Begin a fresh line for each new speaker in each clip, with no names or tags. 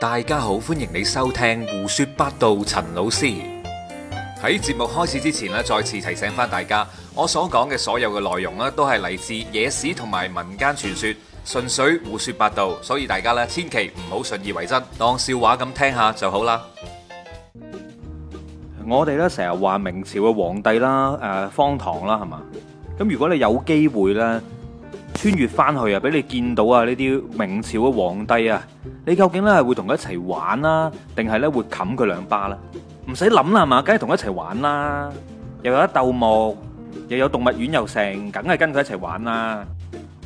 大家好，歡迎你收聽胡說八道。陳老師喺節目開始之前再次提醒翻大家，我所講嘅所有嘅內容都係嚟自野史同埋民間傳說，純粹胡說八道，所以大家千祈唔好信以為真，當笑話咁聽下就好啦。我哋成日話明朝嘅皇帝啦，誒荒唐啦，係嘛？咁如果你有機會呢？穿越翻去啊，俾你見到啊呢啲明朝嘅皇帝啊。你究竟呢係會同佢一齊玩啦，定係呢會冚佢兩巴呢？唔使諗啦，嘛，梗係同佢一齊玩啦。又有一鬥木，又有動物園又成，梗係跟佢一齊玩啦。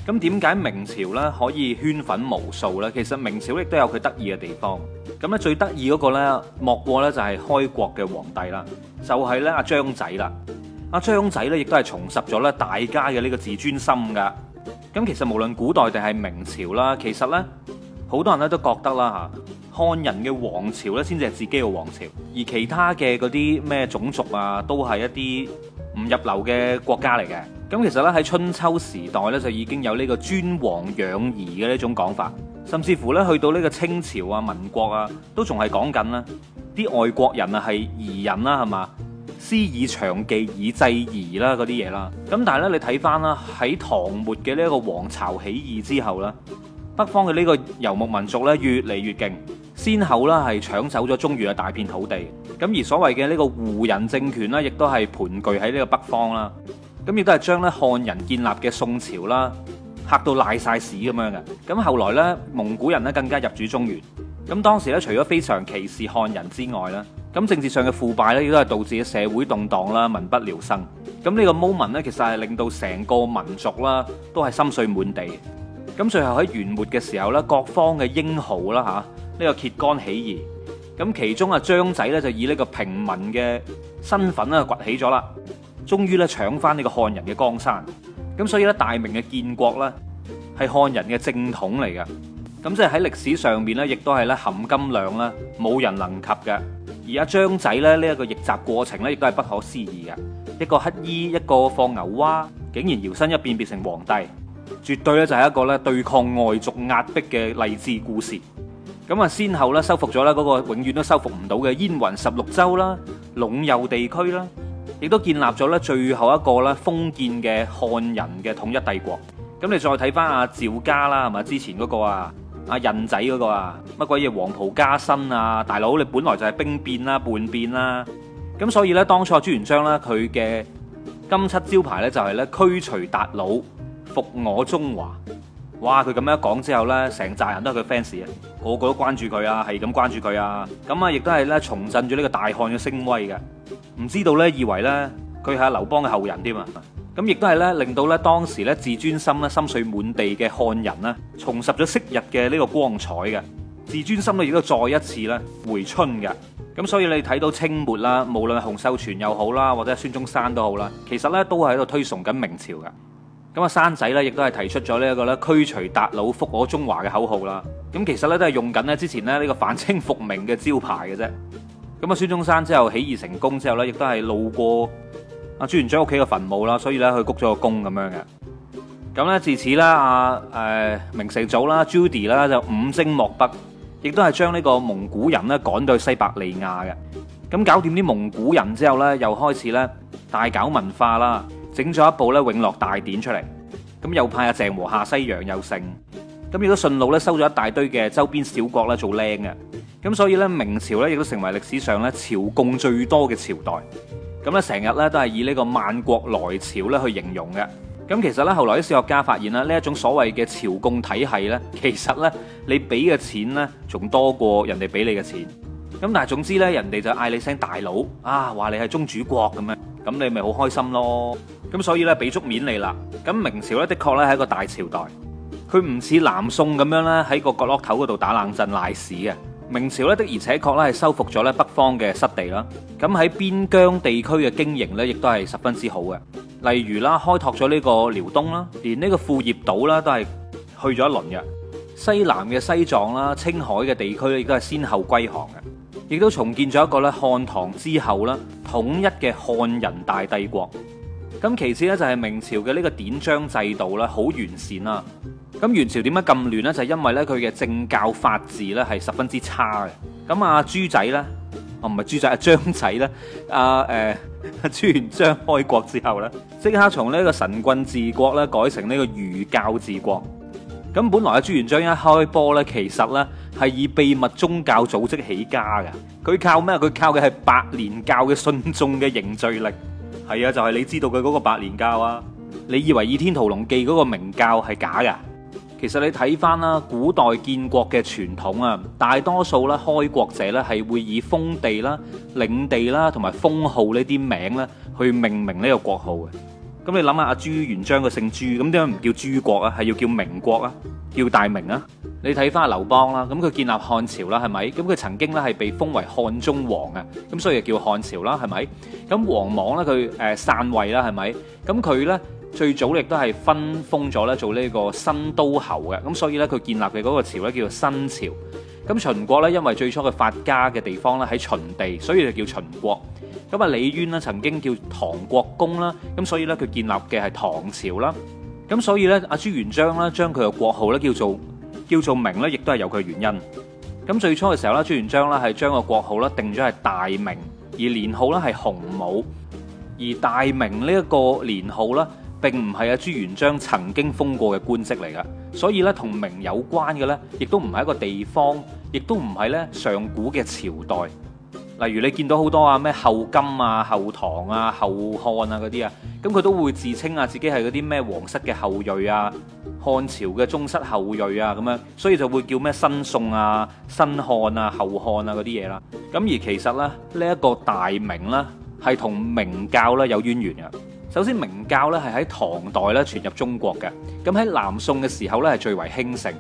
咁點解明朝呢可以圈粉無數呢？其實明朝亦都有佢得意嘅地方。咁咧最得意嗰個呢，莫過呢就係開國嘅皇帝啦，就係呢阿張仔啦。阿張仔呢亦都係重拾咗咧大家嘅呢個自尊心㗎。咁其實無論古代定係明朝啦，其實呢，好多人咧都覺得啦嚇，漢人嘅王朝呢先至係自己嘅王朝，而其他嘅嗰啲咩種族啊，都係一啲唔入流嘅國家嚟嘅。咁其實呢，喺春秋時代呢，就已經有呢個尊王攘夷嘅呢種講法，甚至乎呢，去到呢個清朝啊、民國啊，都仲係講緊啦，啲外國人啊係夷人啦，係嘛？施以長技以制夷啦嗰啲嘢啦，咁但係呢，你睇翻啦，喺唐末嘅呢一個皇朝起義之後啦，北方嘅呢個遊牧民族呢越嚟越勁，先後呢係搶走咗中原嘅大片土地，咁而所謂嘅呢個胡人政權呢，亦都係盤踞喺呢個北方啦，咁亦都係將咧漢人建立嘅宋朝啦嚇到瀨晒屎咁樣嘅，咁後來呢，蒙古人呢更加入主中原，咁當時呢，除咗非常歧視漢人之外呢。咁政治上嘅腐敗咧，亦都係導致嘅社會動盪啦、民不聊生。咁呢個 moment 咧，其實係令到成個民族啦，都係心碎滿地。咁最後喺元末嘅時候咧，各方嘅英豪啦嚇，呢個揭竿起義。咁其中啊張仔咧就以呢個平民嘅身份咧崛起咗啦，終於咧搶翻呢個漢人嘅江山。咁所以咧大明嘅建國咧，係漢人嘅正統嚟嘅。咁即係喺歷史上面咧，亦都係咧含金量咧冇人能及嘅。而阿張仔咧呢一個逆襲過程呢，亦都係不可思議嘅。一個乞衣，一個放牛娃，竟然搖身一變，變成皇帝，絕對呢，就係一個咧對抗外族壓迫嘅勵志故事。咁啊先後呢，收復咗呢嗰個永遠都收復唔到嘅燕雲十六州啦、隴右地區啦，亦都建立咗呢最後一個咧封建嘅漢人嘅統一帝國。咁你再睇翻阿趙家啦，係嘛之前嗰、那個啊？阿印、啊、仔嗰個啊，乜鬼嘢黃袍加身啊！大佬你本來就係兵變啦、啊，叛變啦、啊，咁所以呢，當初朱元璋呢，佢嘅金漆招牌呢，就係呢驅除韃虜，復我中華。哇！佢咁樣一講之後呢，成扎人都係佢 fans 啊，個個都關注佢啊，係咁關注佢啊，咁啊亦都係呢重振咗呢個大漢嘅聲威嘅。唔知道呢，以為呢，佢係劉邦嘅後人添啊！咁亦都係咧，令到咧當時咧自尊心咧心碎滿地嘅漢人呢，重拾咗昔日嘅呢個光彩嘅自尊心咧，亦都再一次咧回春嘅。咁所以你睇到清末啦，無論洪秀全又好啦，或者孫中山都好啦，其實呢都係喺度推崇緊明朝嘅。咁啊，山仔呢，亦都係提出咗呢一個咧驅除韃虜，復我中華嘅口號啦。咁其實呢，都係用緊呢之前呢呢個反清復明嘅招牌嘅啫。咁啊，孫中山之後起義成功之後呢，亦都係路過。朱元璋屋企嘅墳墓啦，所以咧佢鞠咗個躬咁樣嘅。咁咧自此啦，阿誒明成祖啦，朱棣啦就五征漠北，亦都係將呢個蒙古人咧趕到西伯利亞嘅。咁搞掂啲蒙古人之後咧，又開始咧大搞文化啦，整咗一部咧《永樂大典》出嚟。咁又派阿鄭和下西洋又勝，咁亦都順路咧收咗一大堆嘅周邊小國咧做僆嘅。咁所以咧明朝咧亦都成為歷史上咧朝貢最多嘅朝代。咁咧成日咧都係以呢個萬國來朝咧去形容嘅。咁其實呢，後來啲史學家發現啦，呢一種所謂嘅朝貢體系呢，其實呢，你俾嘅錢呢，仲多過人哋俾你嘅錢。咁但係總之呢，人哋就嗌你聲大佬啊，話你係宗主國咁樣，咁你咪好開心咯。咁所以呢，俾足面你啦。咁明朝呢，的確呢係一個大朝代，佢唔似南宋咁樣呢，喺個角落頭嗰度打冷震賴屎嘅。明朝咧的而且確咧係收復咗咧北方嘅失地啦，咁喺邊疆地區嘅經營咧，亦都係十分之好嘅。例如啦，開拓咗呢個遼東啦，連呢個庫頁島啦都係去咗一輪嘅。西南嘅西藏啦、青海嘅地區咧，亦都係先後歸降嘅，亦都重建咗一個咧漢唐之後咧統一嘅漢人大帝國。咁其次咧就係、是、明朝嘅呢個典章制度咧好完善啦、啊。咁元朝點解咁亂呢？就係、是、因為呢，佢嘅政教法治呢係十分之差嘅。咁啊朱仔呢？哦唔係朱仔啊張仔呢？啊誒、欸、朱元璋開國之後呢，即刻從呢個神棍治國呢，改成呢個儒教治國。咁本來啊朱元璋一開波呢，其實呢係以秘密宗教組織起家嘅。佢靠咩？佢靠嘅係白蓮教嘅信眾嘅凝聚力。係啊，就係、是、你知道嘅嗰個白蓮教啊！你以為《倚天屠龍記》嗰、那個明教係假嘅？其實你睇翻啦，古代建國嘅傳統啊，大多數咧開國者咧係會以封地啦、領地啦同埋封號呢啲名咧去命名呢個國號嘅。咁你諗下阿朱元璋佢姓朱，咁點解唔叫朱國啊？係要叫明國啊？叫大明啊？你睇翻阿劉邦啦，咁佢建立漢朝啦，係咪？咁佢曾經呢係被封為漢中王啊，咁所以叫漢朝啦，係咪？咁王莽呢，佢呃篡位啦，係咪？咁佢呢最早亦都係分封咗呢做呢個新都侯嘅，咁所以呢，佢建立嘅嗰個朝呢，叫做新朝。咁秦國呢，因為最初佢發家嘅地方呢喺秦地，所以就叫秦國。.咁啊，李淵咧曾經叫唐國公啦，咁所以咧佢建立嘅係唐朝啦。咁所以咧，阿朱元璋咧將佢嘅國號咧叫做叫做明咧，亦都係有佢嘅原因。咁最初嘅時候咧，朱元璋咧係將個國號咧定咗係大明，而年號咧係洪武。而大明呢一個年號咧並唔係阿朱元璋曾經封過嘅官職嚟嘅，所以咧同明有關嘅呢，亦都唔係一個地方，亦都唔係呢上古嘅朝代。例如你見到好多啊咩後金啊後唐啊後漢啊嗰啲啊，咁佢都會自稱啊自己係嗰啲咩皇室嘅後裔啊，漢朝嘅宗室後裔啊咁樣，所以就會叫咩新宋啊新漢啊後漢啊嗰啲嘢啦，咁而其實咧呢一個大明呢，係同明教呢有淵源嘅。首先，明教咧係喺唐代咧傳入中國嘅，咁喺南宋嘅時候咧係最為興盛。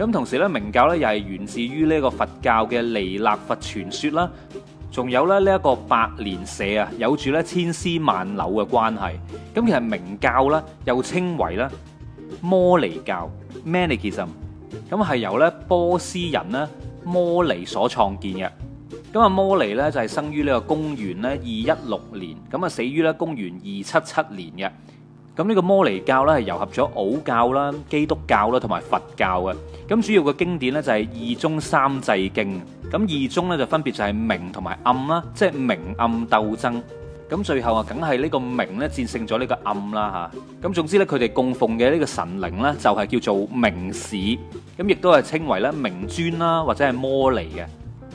咁同時咧，明教咧又係源自於呢個佛教嘅彌勒佛傳說啦，仲有咧呢一個白蓮社啊，有住咧千絲萬縷嘅關係。咁其實明教咧又稱為咧摩尼教 Manichism，咁係由咧波斯人咧摩尼所創建嘅。咁啊，摩尼咧就係生於呢個公元咧二一六年，咁啊死於咧公元二七七年嘅。咁呢個摩尼教咧係糅合咗奧教啦、基督教啦同埋佛教嘅。咁主要嘅經典咧就係二宗三際經。咁二宗咧就分別就係明同埋暗啦，即係明暗鬥爭。咁最後啊，梗係呢個明咧戰勝咗呢個暗啦吓。咁總之咧，佢哋供奉嘅呢個神靈咧就係叫做明使，咁亦都係稱為咧明尊啦或者係摩尼嘅。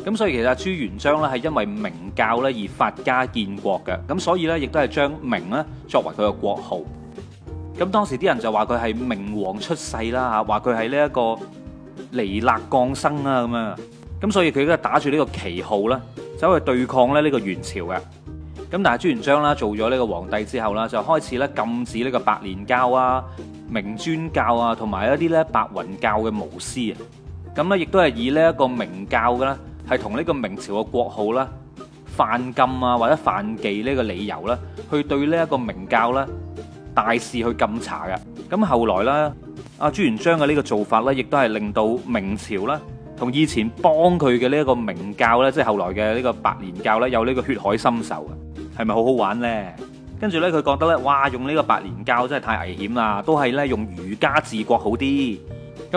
咁所以其實朱元璋咧係因為明教咧而發家建國嘅，咁所以咧亦都係將明咧作為佢嘅國號。咁當時啲人就話佢係明王出世啦嚇，話佢係呢一個彌勒降生啊咁樣，咁所以佢都係打住呢個旗號啦，走去對抗咧呢個元朝嘅。咁但係朱元璋啦做咗呢個皇帝之後啦，就開始咧禁止呢個白蓮教啊、明尊教啊同埋一啲咧白雲教嘅巫師啊，咁咧亦都係以呢一個明教嘅啦。係同呢個明朝嘅國號啦，犯禁啊或者犯忌呢個理由啦，去對呢一個明教啦大肆去禁查嘅。咁後來啦，阿朱元璋嘅呢個做法呢，亦都係令到明朝啦，同以前幫佢嘅呢一個明教呢，即係後來嘅呢個白蓮教呢，有呢個血海深仇啊。係咪好好玩呢？跟住呢，佢覺得呢，哇，用呢個白蓮教真係太危險啦，都係呢，用儒家治國好啲。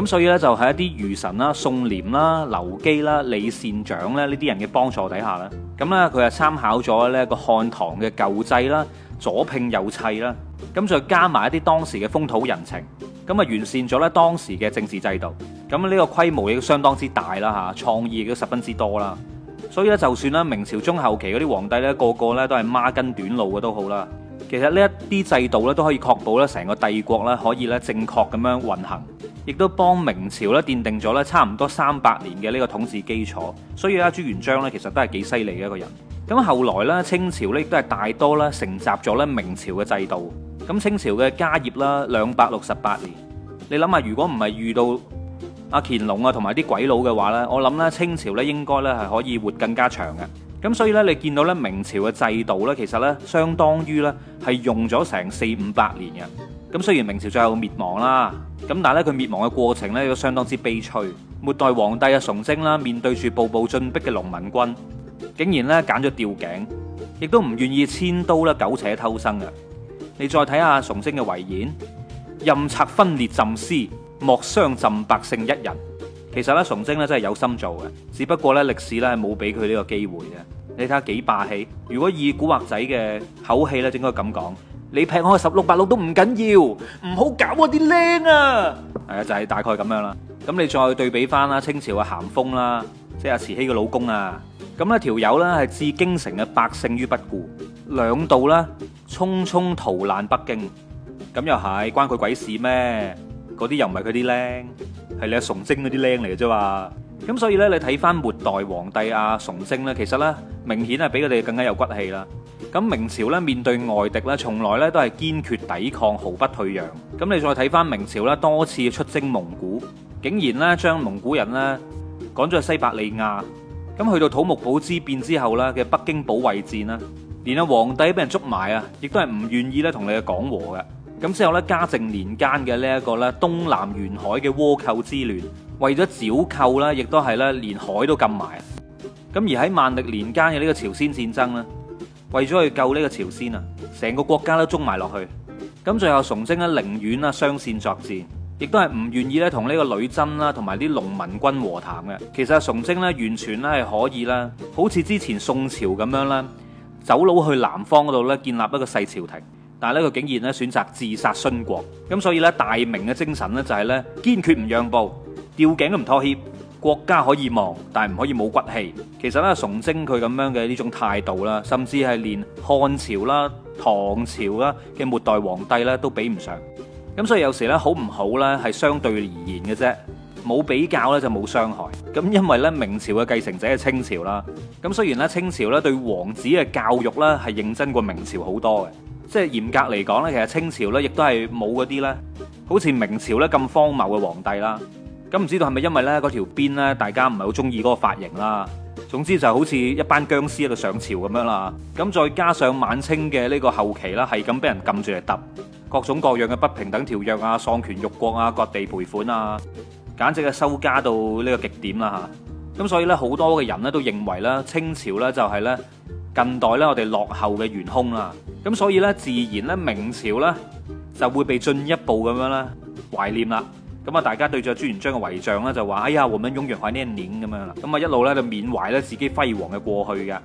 咁所以咧，就喺一啲儒臣啦、宋濂啦、劉基啦、李善長咧呢啲人嘅幫助底下啦。咁咧佢係參考咗呢個漢唐嘅舊制啦，左聘右砌啦，咁再加埋一啲當時嘅風土人情，咁啊完善咗咧當時嘅政治制度。咁呢個規模亦都相當之大啦，吓創意亦都十分之多啦。所以咧，就算咧明朝中後期嗰啲皇帝咧個個咧都係孖筋短路嘅都好啦。其實呢一啲制度咧都可以確保咧成個帝國咧可以咧正確咁樣運行。亦都幫明朝咧奠定咗咧差唔多三百年嘅呢個統治基礎，所以阿朱元璋咧其實都係幾犀利嘅一個人。咁後來咧清朝咧亦都係大多咧承襲咗咧明朝嘅制度。咁清朝嘅家業啦，兩百六十八年，你諗下如果唔係遇到阿乾隆啊同埋啲鬼佬嘅話咧，我諗咧清朝咧應該咧係可以活更加長嘅。咁所以咧你見到咧明朝嘅制度咧其實咧相當於咧係用咗成四五百年嘅。咁雖然明朝最後滅亡啦，咁但係咧佢滅亡嘅過程咧，都相當之悲催。末代皇帝啊，崇禎啦，面對住步步進逼嘅農民軍，竟然咧揀咗吊頸，亦都唔願意遷都啦，苟且偷生啊！你再睇下崇禎嘅遺言：任賊分裂朕屍，莫傷朕百姓一人。其實咧，崇禎咧真係有心做嘅，只不過咧歷史咧冇俾佢呢個機會嘅。你睇下幾霸氣！如果以古惑仔嘅口氣咧，應該咁講。你劈我十六八六都唔緊要，唔好搞我啲僆啊！係啊，就係、係、大概咁樣啦。咁你再對比翻啦，清朝嘅咸豐啦，即係阿慈禧嘅老公啊。咁呢條友呢，係置京城嘅百姓於不顧，兩度呢，匆匆逃難北京。咁又係關佢鬼事咩？嗰啲又唔係佢啲僆，係你阿崇禎嗰啲僆嚟嘅啫嘛。咁所以呢，你睇翻末代皇帝阿、啊、崇禎呢，其實呢，明顯係比佢哋更加有骨氣啦。咁明朝咧面對外敵咧，從來咧都係堅決抵抗，毫不退讓。咁你再睇翻明朝咧多次出征蒙古，竟然咧將蒙古人呢趕咗去西伯利亞。咁去到土木堡之變之後咧嘅北京保衛戰啦，連阿皇帝俾人捉埋啊，亦都係唔願意咧同你去講和嘅。咁之後咧，嘉靖年間嘅呢一個咧東南沿海嘅倭寇之亂，為咗剿寇啦，亦都係咧連海都禁埋。咁而喺萬歷年間嘅呢個朝鮮戰爭呢，為咗去救呢個朝鮮啊，成個國家都忠埋落去，咁最後崇禎咧寧願啊雙線作戰，亦都係唔願意咧同呢個女真啦同埋啲農民軍和談嘅。其實崇禎咧完全咧係可以啦，好似之前宋朝咁樣啦，走佬去南方嗰度咧建立一個細朝廷，但係呢佢竟然咧選擇自殺殉國，咁所以呢大明嘅精神呢，就係呢：堅決唔讓步，吊頸都唔妥協。國家可以亡，但係唔可以冇骨氣。其實呢，崇禎佢咁樣嘅呢種態度啦，甚至係連漢朝啦、唐朝啦嘅末代皇帝咧都比唔上。咁所以有時呢，好唔好呢？係相對而言嘅啫。冇比較呢，就冇傷害。咁因為呢，明朝嘅繼承者係清朝啦。咁雖然呢，清朝呢對皇子嘅教育呢係認真過明朝好多嘅，即係嚴格嚟講呢，其實清朝呢亦都係冇嗰啲呢，好似明朝呢咁荒謬嘅皇帝啦。咁唔知道係咪因為呢嗰條辮呢，大家唔係好中意嗰個髮型啦。總之就好似一班僵屍喺度上朝咁樣啦。咁再加上晚清嘅呢個後期啦，係咁俾人撳住嚟揼，各種各樣嘅不平等條約啊、喪權辱國啊、各地賠款啊，簡直係羞家到呢個極點啦吓，咁所以呢，好多嘅人呢都認為呢清朝呢，就係呢近代呢我哋落後嘅元兇啦。咁所以呢，自然呢明朝呢，就會被進一步咁樣呢懷念啦。咁啊！大家對住朱元璋嘅遺像咧，就話：哎呀，揾緊雍正快啲嚟碾咁樣啦！咁啊，一路咧就緬懷咧自己輝煌嘅過去嘅。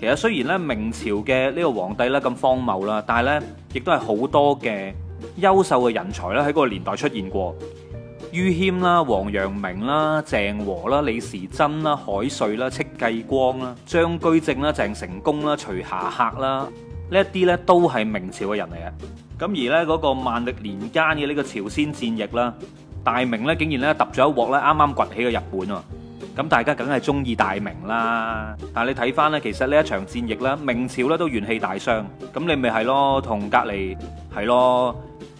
其實雖然咧明朝嘅呢個皇帝咧咁荒謬啦，但係咧亦都係好多嘅優秀嘅人才咧喺嗰個年代出現過。于謙啦、王陽明啦、鄭和啦、李時珍啦、海瑞啦、戚繼光啦、張居正啦、鄭成功啦、徐霞客啦，呢一啲咧都係明朝嘅人嚟嘅。咁而咧嗰個萬歷年間嘅呢個朝鮮戰役啦。大明咧，竟然咧揼咗一鑊咧，啱啱崛起嘅日本喎，咁大家梗係中意大明啦。但係你睇翻呢，其實呢一場戰役啦，明朝咧都元氣大傷，咁你咪係咯，同隔離係咯，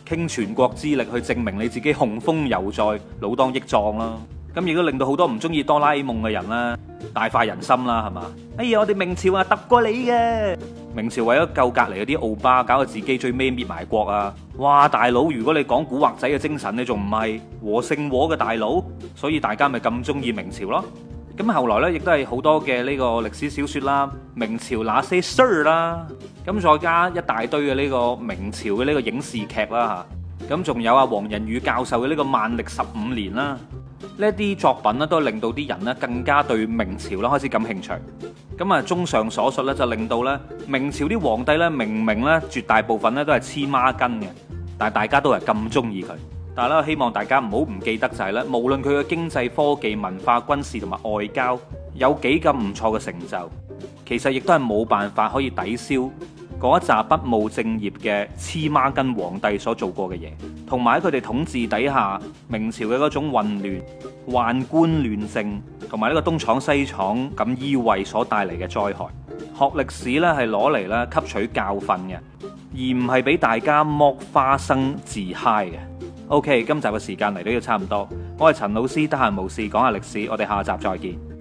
傾全國之力去證明你自己雄風猶在，老當益壯啦。咁亦都令到好多唔中意哆啦 A 夢嘅人啦，大快人心啦，係嘛？哎呀，我哋明朝啊，揼過你嘅明朝為咗救隔籬嗰啲奧巴，搞到自己最尾滅埋國啊！哇，大佬，如果你講古惑仔嘅精神，你仲唔係和勝和嘅大佬？所以大家咪咁中意明朝咯。咁後來呢，亦都係好多嘅呢個歷史小說啦，明朝那些事兒啦，咁再加一大堆嘅呢個明朝嘅呢個影視劇啦吓，咁仲有啊，黃仁宇教授嘅呢個萬曆十五年啦。呢啲作品咧，都令到啲人呢更加對明朝啦開始感興趣。咁啊，綜上所述呢，就令到呢明朝啲皇帝呢，明明呢絕大部分呢都係黐孖筋嘅，但係大家都係咁中意佢。但係咧，希望大家唔好唔記得就係咧，無論佢嘅經濟、科技、文化、軍事同埋外交有幾咁唔錯嘅成就，其實亦都係冇辦法可以抵消，嗰一紮不務正業嘅黐孖筋皇帝所做過嘅嘢，同埋佢哋統治底下明朝嘅嗰種混亂、宦官亂政，同埋呢個東廠西廠咁依衛所帶嚟嘅災害。學歷史呢係攞嚟咧吸取教訓嘅，而唔係俾大家剝花生自嗨嘅。OK，今集嘅時間嚟到要差唔多。我係陳老師，得閒無事講下歷史，我哋下集再見。